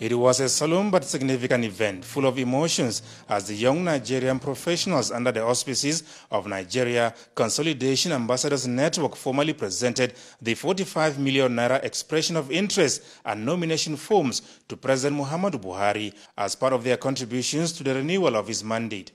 It was a solemn but significant event full of emotions as the young Nigerian professionals under the auspices of Nigeria Consolidation Ambassadors Network formally presented the 45 million naira expression of interest and nomination forms to President Muhammadu Buhari as part of their contributions to the renewal of his mandate.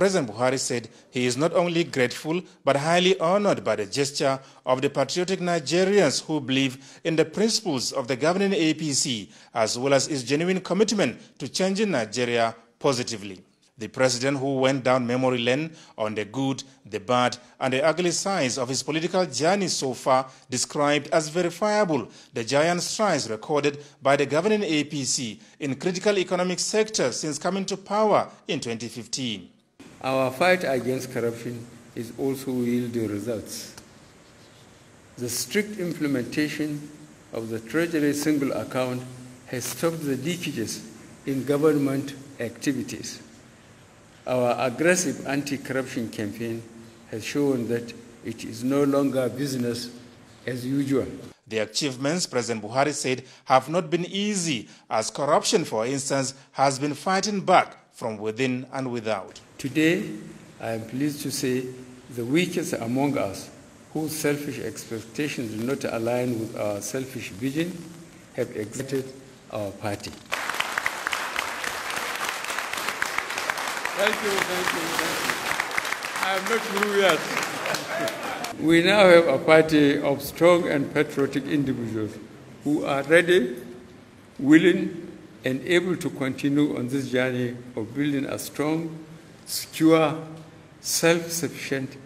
President Buhari said he is not only grateful but highly honored by the gesture of the patriotic Nigerians who believe in the principles of the governing APC as well as its genuine commitment to changing Nigeria positively. The president who went down memory lane on the good, the bad, and the ugly sides of his political journey so far described as verifiable the giant strides recorded by the governing APC in critical economic sectors since coming to power in 2015. Our fight against corruption is also yielding results. The strict implementation of the Treasury single account has stopped the leakages in government activities. Our aggressive anti-corruption campaign has shown that it is no longer business as usual. The achievements, President Buhari said, have not been easy, as corruption, for instance, has been fighting back from within and without. Today, I am pleased to say the weakest among us whose selfish expectations do not align with our selfish vision have exited our party. Thank you, thank you, thank you. I am not through yet. we now have a party of strong and patriotic individuals who are ready, willing, and able to continue on this journey of building a strong, secure, self-sufficient,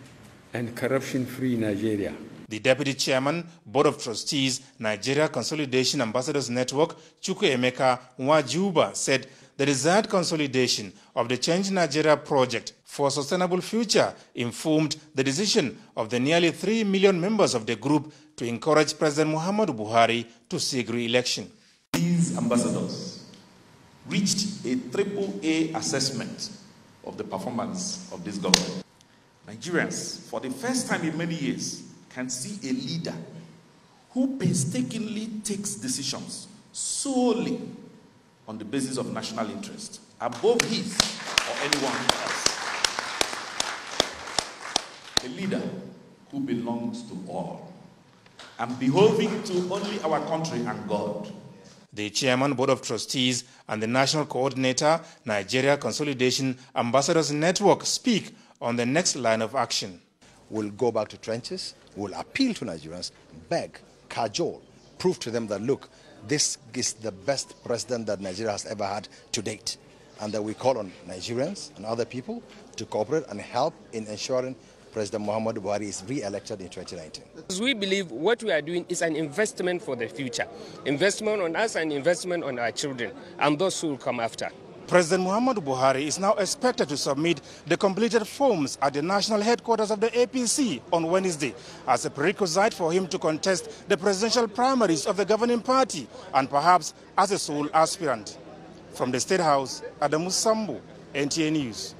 and corruption-free Nigeria. The Deputy Chairman, Board of Trustees, Nigeria Consolidation Ambassadors Network, Chukwuemeka Mwajuba, said the desired consolidation of the Change Nigeria project for sustainable future informed the decision of the nearly 3 million members of the group to encourage President Muhammad Buhari to seek re-election. These ambassadors reached a triple A assessment of the performance of this government. Nigerians, for the first time in many years, can see a leader who painstakingly takes decisions solely on the basis of national interest, above his or anyone else. A leader who belongs to all and behoving to only our country and God the Chairman, Board of Trustees, and the National Coordinator, Nigeria Consolidation Ambassadors Network speak on the next line of action. We'll go back to trenches, we'll appeal to Nigerians, beg, cajole, prove to them that, look, this is the best president that Nigeria has ever had to date. And that we call on Nigerians and other people to cooperate and help in ensuring President Muhammad Buhari is re-elected in 2019. We believe what we are doing is an investment for the future, investment on us and investment on our children and those who will come after. President Muhammad Buhari is now expected to submit the completed forms at the national headquarters of the APC on Wednesday as a prerequisite for him to contest the presidential primaries of the governing party and perhaps as a sole aspirant. From the State House, Adamu Sambu, NTA News.